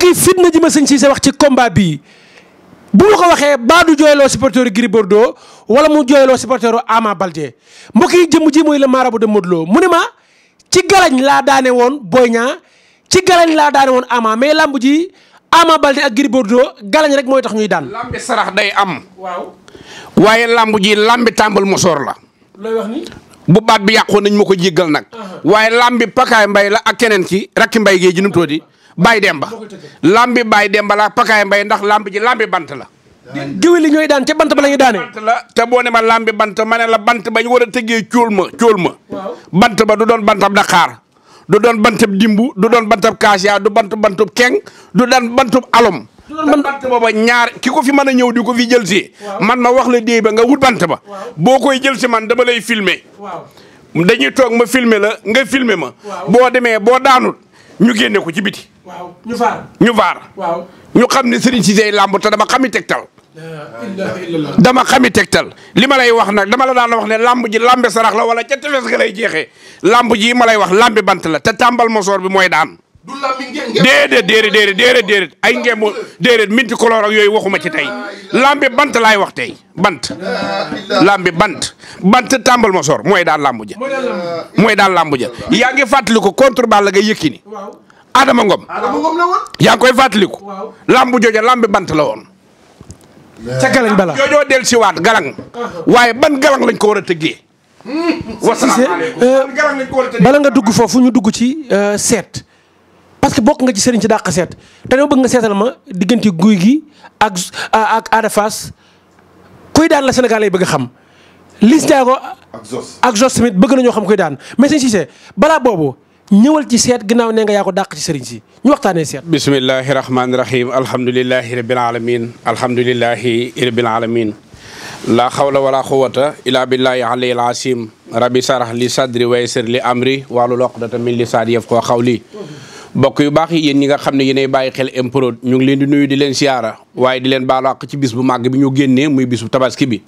mbokk yi fitna ji ma sëñ Cissé wax ci combat bii bu ma ko waxee baa du jooyloo supporteru Gris wala mu jooyloo supporteru Ama Baldé mbokk yi jëmm ji mooy le marabout de Modou mu ne ma ci galañ laa daane woon Boy Niang ci galañ laa daane woon Ama mais lamb ji Ama Baldé ak Gris galañ rek mooy tax ñuy daan. lambi sarax day am. waaw waaye lamb ji lambi tàmbal mosoor la. looy bu baat bi yàqoon nañ ma ko jéggal nag. waaye lambi pakaay mbay la ak keneen ki rakki mbay gee ji nu mu Baye Demba lambi baay Demba la pakaay mbay ndax lambi ji lambi bant la. géwél li ñooy daan ca bant ba la ñuy daane. bant la te boo ne ma lambi bant ma ne bant ba ñu war a tëggee cóol ma cóol ma. bant ba du doon bantab Dakar du doon bantab dimbu du doon bantab Kaasia du bant bantub keng du doon bantub alum. man bant booba ñaar ki ko fi mën a ñëw di ko fi jël si. man ma wax la déey ba nga wut bant ba. boo koy jël si man dama lay filmer. dañuy toog ma filme la nga filmer ma. boo demee boo daanut. ñu génne ko ci biti. waaw ñu vaar. ñu vaar. waaw ñu xam ne Serigne Cissé làmb te dama xami tegtal. dama xami tegtal. li ma lay wax nag dama la daan wax ne làmb ji làmbe sarax la wala ca tefes ga jeexee làmb ji ma lay wax lambe bant la te tàmbal mosoor bi mooy daan. déedéet déedéet déedéet déedéet déedéet ay ngemb déedéet minti couleur ak yooyu waxuma ci tey lambi bant laay wax tey bant lambi bant bant tàmbal ma mooy daal lambu ja mooy daal lambu ja yaa ngi fàttaliku contre Balla Gaye Yékini Adama Ngom yaa ngi koy fàttaliku lambu jooja lambi bant la woon ca galañ bala joojoo del si waat galang uh-huh. waaye ban galang lañ ko war a tëggee hmm. wasalaamaaleykum galang lañ ko war nga dugg foofu ñu dugg ci euh, seet parce que bokk nga ci sëriñ si dàq seet te dama bëgg nga seetal ma diggante guy gi ak ak Ada Fass kuy daan la Sénégal lay bëgg xam. Liss Ndiago ak Zos ak bëgg nañoo xam kuy daan mais sëñ Cissé balaa boobu ñëwal ci seet ginnaaw ne nga yaa ko ci sëriñ si ñu waxtaanee seet. bismillahi rahmaani rahiim alhamdulillahi rabbil alamin alhamdulillahi rabbil alamin laa xawla wala quwata ila billahi aliyil rabbi sarax li sadri waysir li amri wahlul uqdatan min lisaani yafqahu qawli mbokk yu baax yi yéen ñi nga xam ne yéenay bàyyi xel MPROD ñu ngi leen di nuyu di leen siyaara waaye di leen baalu àq ci bis bu màgg bi ñu génnee muy bis bu tabaski bi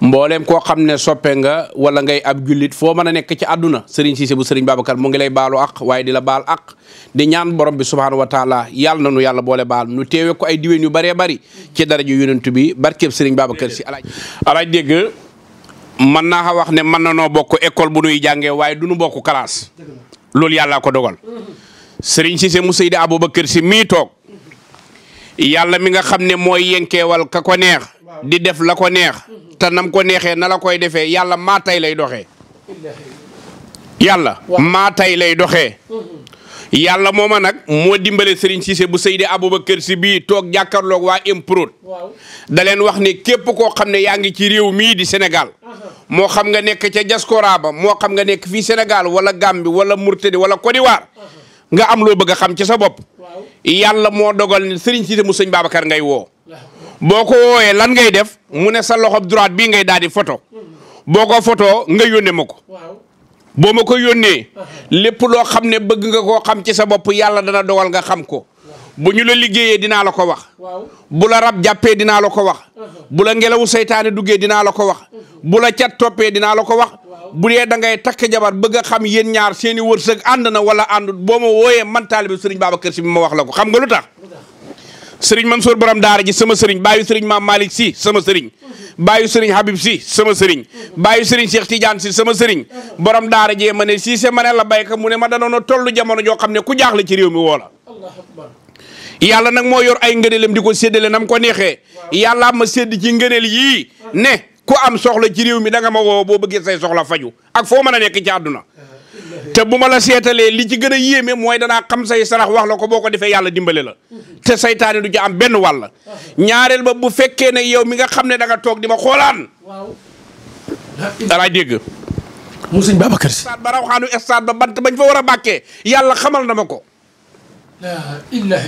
mbooleem koo xam ne soppe nga wala ngay ab jullit foo mën a nekk ci àdduna Serigne Cissé bu Serigne Babacar mu ngi lay baalo ak waaye di la baal àq di ñaan borom bi subhaanahu wa taala yàlla na nu yàlla boole baal nu teewe ko ay diwéen yu bëree bari ci daraja yonentu bi barkeeb sëriñ Babacar si alaaj alaaj dégg mën naa xa wax ne mën na noo bokk école bu nuy jàngee waaye du nu bokk classe loolu yàlla ko dogal sëriñ Cissé mu Seydi Aboubacar si mii toog yàlla mi nga xam ne mooy yenkeewal ka ko neex di def la ko neex te nam ko neexee na la koy defee yàlla maa tay lay doxee yàlla maa tay lay doxee yàlla mooma nag moo dimbale Serigne Cissé bu Seydi Aboubacar si bii toog jàkkaarloog waa Improd da leen wax ne képp koo xam ne yaa ngi ci réew mii di Sénégal uh-huh. moo xam nga nekk ca diaspora ba xam nga nekk fii Sénégal wala Gambie wala Mauritanie wala Côte nga am loo bëgg a xam ci sa bopp yàlla moo dogal ne sëriñ Cissé mu sëñ Babacar ngay woo boo ko woowee lan ngay def mu ne sa loxo droite bii ngay daal di photo hmm. boo ko photo nga yónnee ma ko boo ma ko yónnee lépp loo xam ne bëgg nga koo xam ci sa bopp yàlla dana dogal nga xam ko bu ñu la liggéeyee dinaa la ko wax bu la rab jàppee dinaa la ko wax bu la ngelawu seytaane duggee dinaa la ko wax bu la cat toppee dinaa la ko wax bu dee da ngay takk jabar bëgg xam yéen ñaar seen i wërsëg ànd na wala àndut boo ma wooyee man taalibe sëriñ Babacar Si bi ma wax la ko xam nga lu tax sëriñ Mansour borom daara ji sama sëriñ baayu sëriñ Maam Malick Si sama sëriñ baayu sëriñ Habib Si sama sëriñ baayu sëriñ Cheikh Tidiane Si sama sëriñ borom daara jee ma ne si se ma ne la béykat mu ne ma danoon a toll jamono joo xam ne ku jaax la ci réew mi woo la yàlla nag moo yor ay ngëneelam di ko séddale nam ko neexee yàllaa ma sédd ci ngëneel yii ne ku am soxla ci réew mi da ma woo boo bëggee say soxla faju ak foo mën a nekk ci àdduna te bu ma la seetalee li ci gën a yéeme mooy danaa xam say sarax wax la ko boo ko defee yàlla dimbale la te seytaane du ci am benn wàll ñaareel ba bu fekkee ne yow mi nga xam ne danga toog di ma xoolaan dalaay dégg mu sëñ Babacar Si stade ba raw xaanu stade ba bant bañ fa war a bàkkee yàlla xamal na ma ko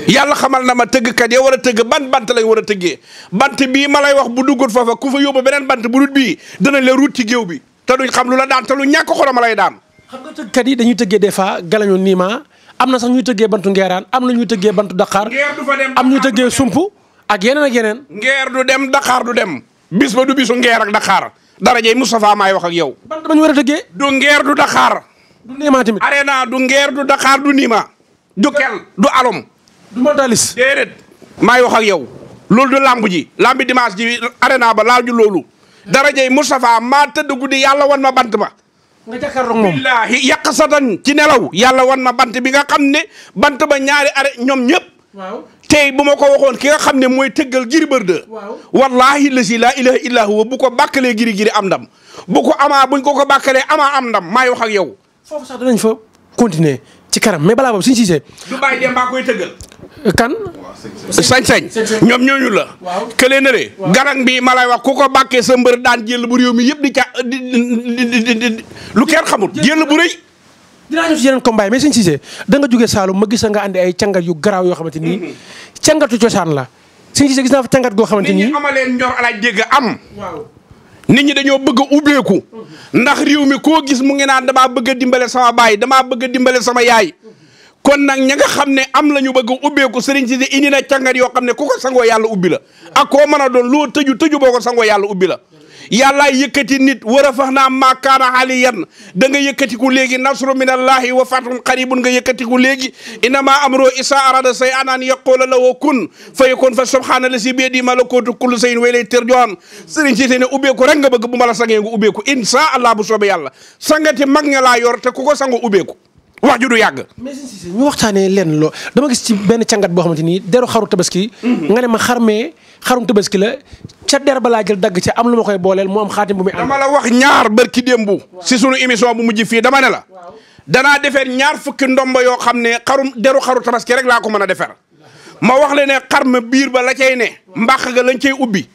yàlla xamal na ma tëggkat ya war a tëgg ban bant lañ war a tëggee bant bii ma lay wax bu duggul foofa ku fa yóbbu beneen bant bu dut bii danañ la ruut ci bi te duñ xam lu la daan te lu ñàkk xorom lay daan. xam nga yi dañuy tëggee des fois galañu niima am na sax ñuy tëggee bantu ngeeraan am na ñuy tëggee bantu daqaar am ñuy tëggee sump ak yeneen a yeneen. ngeer du dem daqaar du dem bis ma du bisu ngeer ak daqaar darajey Moustapha maay wax ak yow. ban dama ñu war a tëggee. du ngeer du daqaar. du niima tamit. arena du ngeer du daqaar du niima du du alom. du mentalis déedéet. maay wax ak yow loolu du lamb ji lambi dimanche ji arena ba laaju loolu. darajey Moustapha maa tëdd guddi yàlla wan ma bant ma nga jàkkaarloog moom billaahi yàq satan ci nelaw yàlla wan ma bant bi nga xam ne bant ba ñaari are ñoom ñëpp. waaw tey bu ma ko waxoon ki nga xam ne mooy tëggal Gris Bordeaux. waaw wallaahi lazi laa ilaaha illaa huwa bu ko bàkkalee giri giri am ndam bu ko amaa buñ ko ko bàkkalee amaa am ndam maay wax ak yow. foofu sax danañ fa continuer. ci kanam mais balaa boobu suñu siisee. du bàyyi dem ba koy tëggal. kan. sañ-sañ ñoom ñooñu la. waaw kële na de. garang bi ma lay wax ku ko bàkkee sa mbër daan jël bu réew mi yëpp di ca lu kenn xamul jël bu rëy. dinaa ñëw ci yeneen combat yi siisee da nga jógee Saalum ma gis nga andi ay cangat yu garaaw yoo xamante ni mhm. cangatu cosaan la suñu siisee gis naa fa cangat goo xamante ni. nit ñi amaleen ñor alaaj dégg am. nit ñi dañoo bëgg a ubbeeku ndax réew mi koo gis mu ngi naan damaa bëgg dimbale sama baay damaa bëgg a dimbale sama yaay kon nag ña nga xam ne am la bëgg a ubbeeku sëriñ si indi na càngat yoo xam ne ku ko sangoo yàlla ubbi la ak koo mën a doon loo tëju tëju boo ko sangoo yàlla ubbi la yàllaay yëkkati nit war a fax naa maakaana aliyan da nga yëkkatiku léegi nasru min allahi wa fatun qaribun nga yëkkatiku léegi innama amro isa arada say an an yaqoola lahu kun fa yakun fa subhaana la si biyadi malakuutu kulli sayin wa ilay turjaun sëriñ si ne ubbeeku rek nga bëgg bu ma la sangee nga ubbeeku insha allah bu soobee yàlla sangati mag ña laa yor te ku ko sango ubbeeku wax ju du yàgg. mais si ñu waxtaanee lenn loo dama gis ci benn càngat boo xamante ni deru xaru tabaski. Mm-hmm. nga ne ma xar xarmee xarum tabaski la ca der ba laa jël dagg ca am lu ma koy booleel mu am xaatim bu muy. dama la wax ñaar bërki démb. si sunu émission bu mujj fii dama ne la. danaa defar ñaar fukki ndomba yoo xam ne xarum deru xaru tabaski rek laa ko mën a defar. ma wax le ne xar ma biir ba la cay ne. mbàq ga lañ cay ubbi.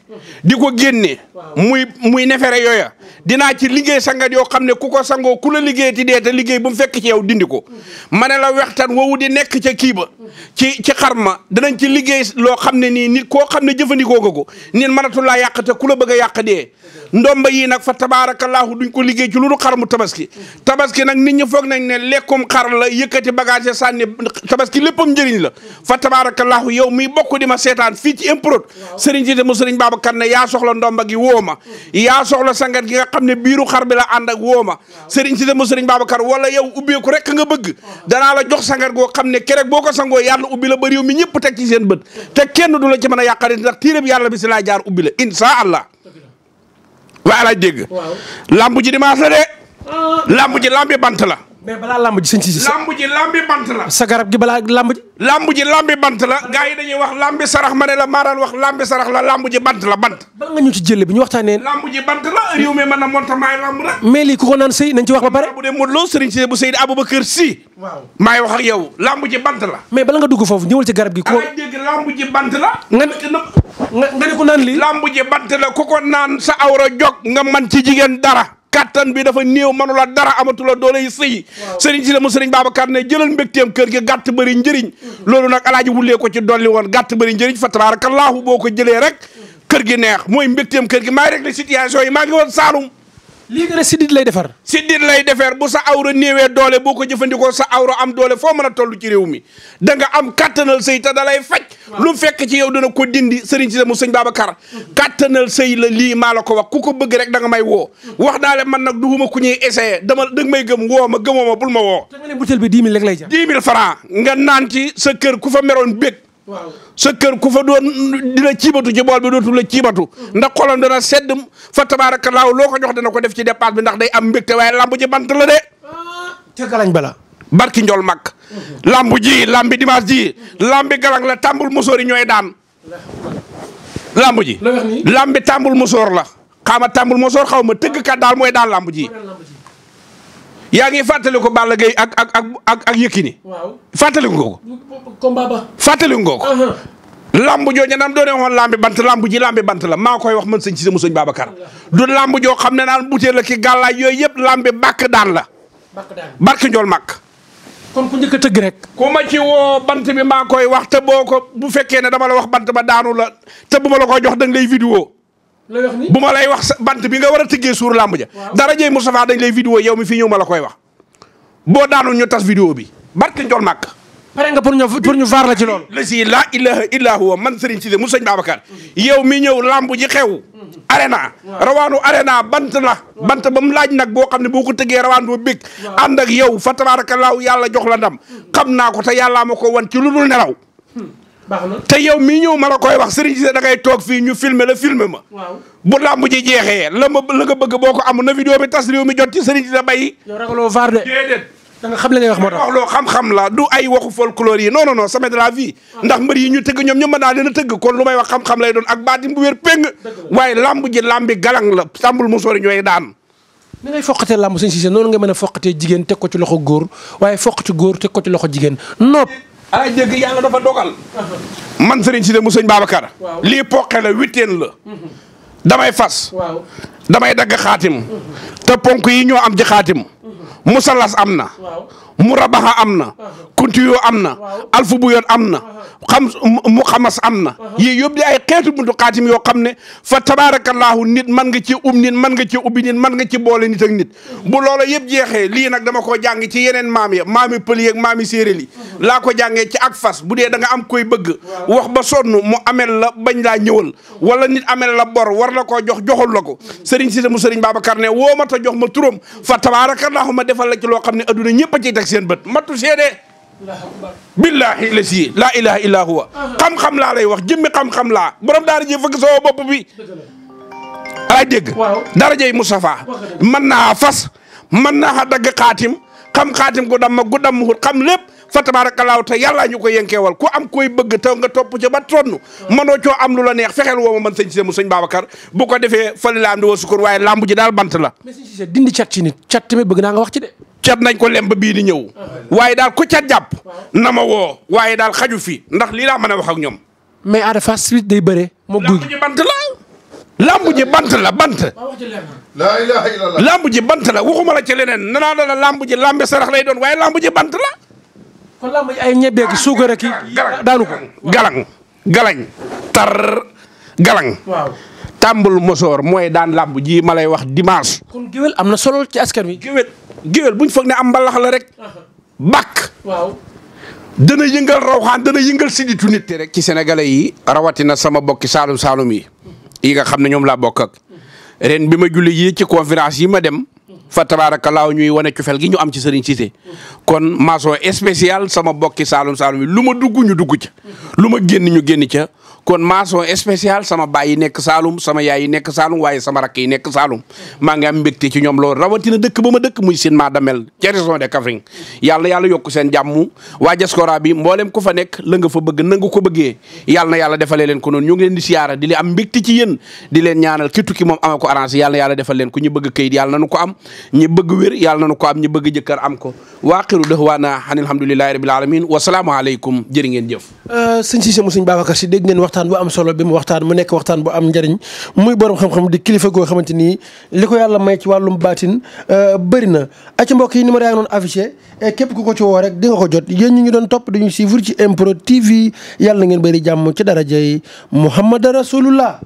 di ko génne. muy muy nefere yooya. dinaa ci liggéey sangat yoo xam ne ku ko sangoo ku la liggéey ti dee te liggéey bu mu fekk ci yow dindi ko ma ne la wextaan woowu di nekk ca kii ba ci ci xar ma danañ ci liggéey loo xam ne nii nit koo xam ne jëfandikoo nga ko nit mënatu laa yàq te ku la bëgg yàq dee ndomba yi nag fa tabaarakallaahu duñ ko liggéey ci lu xar mu tabaski tabaski nag nit ñi foog nañ ne lekkum xar la yëkkati bagage sànni tabaski léppam njëriñ la fa tabaarakallaahu yow mi bokku di ma seetaan fii ci improt sëriñ Cissé mu sëriñ Babacar ne yaa soxla ndomba gi woo ma mm. nga xam ne biiru xar bi la ànd ak wooma sëriñ si dama sëriñ Babacar wala yow ubbeeku rek nga bëgg danaa la jox sangar goo xam ne kerek boo ko sangoo yàlla ubbi la ba réew mi ñëpp teg ci seen bët te kenn du la ci mën a yàqal ndax tiirab yàlla bi si laa jaar ubbi la insha allah waa alaaj dégg lamb ji dimanche la de ah. lamb ji bant la mais balaa lamb ji sëñ si lamb ji lambi bant la sa garab gi balaa lamb ji lamb ji lambi bant la gars yi dañuy wax lambi sarax ma ne la maaraan wax lambi sarax la lamb ji bant la bant bala nga ñu ci jëlle bi ñu waxtaanee lamb ji bant la réew mi mën na monta maay lamb rek mais lii ku ko naan sëy nañ ci wax ba pare bu dee Modou Lo sëriñ si bu sëy di Aboubacar si waaw maay wax ak yow lamb ji bant la mais bala nga dugg foofu ñëwal ci garab gi ko dégg lamb ji bant la nga nga ne ko naan lii lamb ji bant la ku ko naan sa awra jog nga man ci jigéen dara kàttan bi dafa néew manula dara amatula doole yi sëy sëriñ si mu sëriñ Babacar ne jëlal mbégteem kër gi gàtt bëri njëriñ mm-hmm. loolu nag alaaji wullee ko ci dolli woon gàtt bëri njëriñ fa tabaarakallaahu boo ko jëlee rek mm-hmm. kër gi neex mooy mbégteem kër gi maa ngi réglé situation yi maa ngi woon Saalum lii nga ne siddit lay defar siddit lay defar bu sa awra néewee doole boo ko jëfandikoo sa awra am doole foo mën a toll ci réew mi da nga am kattanal sëy te da lay faj lu fekk ci yow dana ko dindi sëriñ Cissé mu sëñ Babacar kàttanal sëy la lii maa la ko wax ku ko bëgg rek danga may woo wax naa leen man nag dugguma ku ñuy essayé dama da may gëm woo ma gëmoo ma bul ma woo da nga ne butel bi dix mille rek lay jar dix mille francs nga naan ci sa kër ku fa meroon bég waaw sa kër ku fa doon dina ciibatu ci bool bi dootul la ciibatu. Mm. ndax xolam dana sedd fa tabaarakallaahu loo ko jox dana ko def ci dépense bi ndax day am mbégte waaye lamb ji bant la de. Ah, ca galañ bala barki njol mag lamb ji lambi dimanche ji lambi galang la tàmbul musóor i ñooy daan lamb ji lambi tàmbul musóor la xama tàmbul musóor xaw ma tëggkat daal mooy daan lamb ji yaa ngi fàttali ko Balla Gaye ak ak ak ak ak Yékini fàttali ko combat ba fàttali ko uh-huh. lamb joo ñanam doone woon lambi bant lamb ji lambi bant la maa koy wax man sëñ Cissé mu sëñ Babacar du lamb joo xam ne naan butéel la ki gàllaay yooyu yëpp lambi bàkk daan la bàkk njool kon ku njëkk a tëgg rek. ku ma ci woo bant bi maa koy wax te boo ko bu fekkee ne dama la wax bant ba daanu la te bu ma la koy jox dañ lay vidéo. lay wax bu ma lay wax bant bi nga war a tëggee suur làmb ja. dara jëy Moustapha dañ lay vidéo yow mi fii ñëw ma la koy wax. boo daanu ñu tas vidéo bi barke Ndiol Màkk. pare nga pour ñu pour ñu vaar la ci loolu. la si laa ilaha illa huwa man Serigne Cissé mu sëñ Babacar. yow mi ñëw lamb ji xew. arena rawaanu arena bant la. bant ba mu laaj nag boo xam ne boo ko tëggee rawaan boo bég. ànd ak yow fa laaw yàlla jox la ndam. xam naa ko te yàllaa ma ko wan ci lu lul nelaw. baax na te yow mii ñëw ma la koy wax Serigne Cissé da toog fii ñu filmer la filmer ma. bu lamb ji jeexee la ma la nga bëgg boo ko amul na vidéo bi tas réew mi jot ci Serigne Cissé bay. yow da nga xam li wax moo tax loo xam-xam la du ay waxu folklore yi non non non c'est de la vie ah. ndax mbër yi ñu tëgg ñoom ñëpp mën naa leen a tëgg kon lu may wax xam-xam lay doon ak baatin bu wér péng waaye lamb ji lambi galang la sàmbul musóori ñooy daan ni ngay foqatee lamb sëñ Cissé noonu nga mën a foqatee jigéen teg ko ci loxo góor waaye foqati góor teg ko ci loxo jigéen nopp ala dégg dafa dogal man sëriñ Cissé mu sëñ Babacar lii poqe la huitaine la mhm. damay fas damay dagg xaatim mhm. te ponk yi ñoo am ci xaatim musalas am na. mu rabaxa am na kuntiyo am na alfu bu yoon am na xam mu xamas am na yii yëpp di ay xeetu buntu xaatim yoo xam ne fa tabaarakallaahu nit man nga ci um nit man nga ci ubbi nit man nga ci boole nit ak nit bu loola yëpp jeexee lii nag dama ko jàng ci yeneen maam ya maami pël yeeg maami séeréer yi laa ko jàngee ci ak fas bu dee da nga am koy bëgg wax ba sonn mu amel la bañ laa ñëwal wala nit amel la bor war la koo jox joxul la ko sëriñ Cissé mu sëriñ Babacar ne woo ma ta jox ma turam fa tabaarakallaahu ma defal la ci loo xam ne adduna ñëpp ciy teg seen bët matu seede billaahi la si laa ilaha illa huwa xam-xam laa lay wax jëmmi xam-xam laa borom daara ji fëgg soo bopp bi alaay dégg daara jey Moustapha mën naa fas mën naa dagg xaatim xam xaatim gu damm gu damm xut xam lépp fa tabaarakallaahu te yàllaa ñu ko yenkeewal ku am koy bëgg taw nga topp ca ba tonn mënoo coo am lu la neex fexeel woo ma man sëñ Cissé mu sëñ Babacar bu ko defee fële la am di wa sukkur waaye lamb daal bant la mais sëñ dindi cat wax cat nañ ko lem ba bii di ñëw waaye daal ku caat jàpp na ma woo waaye daal xaju fi ndax lii laa mën a wax ak ñoom. mais Ada Fass suite day bëre. moo guy lamb ji bant la. lamb ji bant la bant. laa ilaaha bant la waxuma la ci leneen nanaa la lamb ji lambe sarax lay doon waaye lamb ji bant la. kon lamb ay ñebeeg ah, suukar ak daanu ko. galang galañ tar galang. tàmbul mosoor mooy daan làmb ji ma lay wax dimanche. kon géwél am na solo ci askan wi. géwél géwél buñ foog ne am mbalax la rek. bàkk. waaw. dana yëngal rawxaan dana yëngal siditu te rek. ci sénégalais yi rawatina sama bokki saalum saalum yi. yi nga xam ne ñoom laa bokk ak. ren bi ma julli yi ci conférence yi ma dem. fa tabaarakallaahu ñuy wane cofeel gi ñu am ci Serigne Cissé. kon maçon spécial sama bokki saalum saalum yi lu ma duggu ñu dugg ci. lu ma génn ñu génn ca kon maçon spécial sama baay yi nekk Saalum sama yaay yi nekk Saalum waaye sama rakk yi nekk Saalum maa ngi am mbégte ci ñoom loolu rawatina dëkk ba ma dëkk muy seen maa damel ca région de Kaffrine yàlla yàlla yokk seen jàmm waa diaspora bi mboolem ku fa nekk la nga fa bëgg nangu ko bëggee yàlla na yàlla defalee leen ko noonu ñu ngi leen di siyaara di leen am mbégte ci yéen di leen ñaanal ki tukki moom ama ko arrangé yàlla na yàlla defal leen ko ñu bëgg këyit yàlla nanu ko am ñu bëgg wér yàlla nanu ko am ñu bëgg jëkkër am ko waaqiru dëxwaana an alhamdulilahi rabil alamin wasalaamu ngeen jëf euh, sëñ Cissé mu sëñ Babacar si dégg ngeen waxtaan bu am solo bi mu waxtaan mu nekk waxtaan bu am njëriñ muy borom xam-xam di kilifa goo xamante ni li ko yàlla may ci wàllum baatin euh, bëri na. ak mbokk yi numéro yaa ngi doon affiché euh, képp ku ko ci woo rek di nga ko jot yéen ñu ngi doon topp dañu suivre ci MPROD TV yàlla na ngeen bëri jàmm ci darajay Muhammad Rasulullah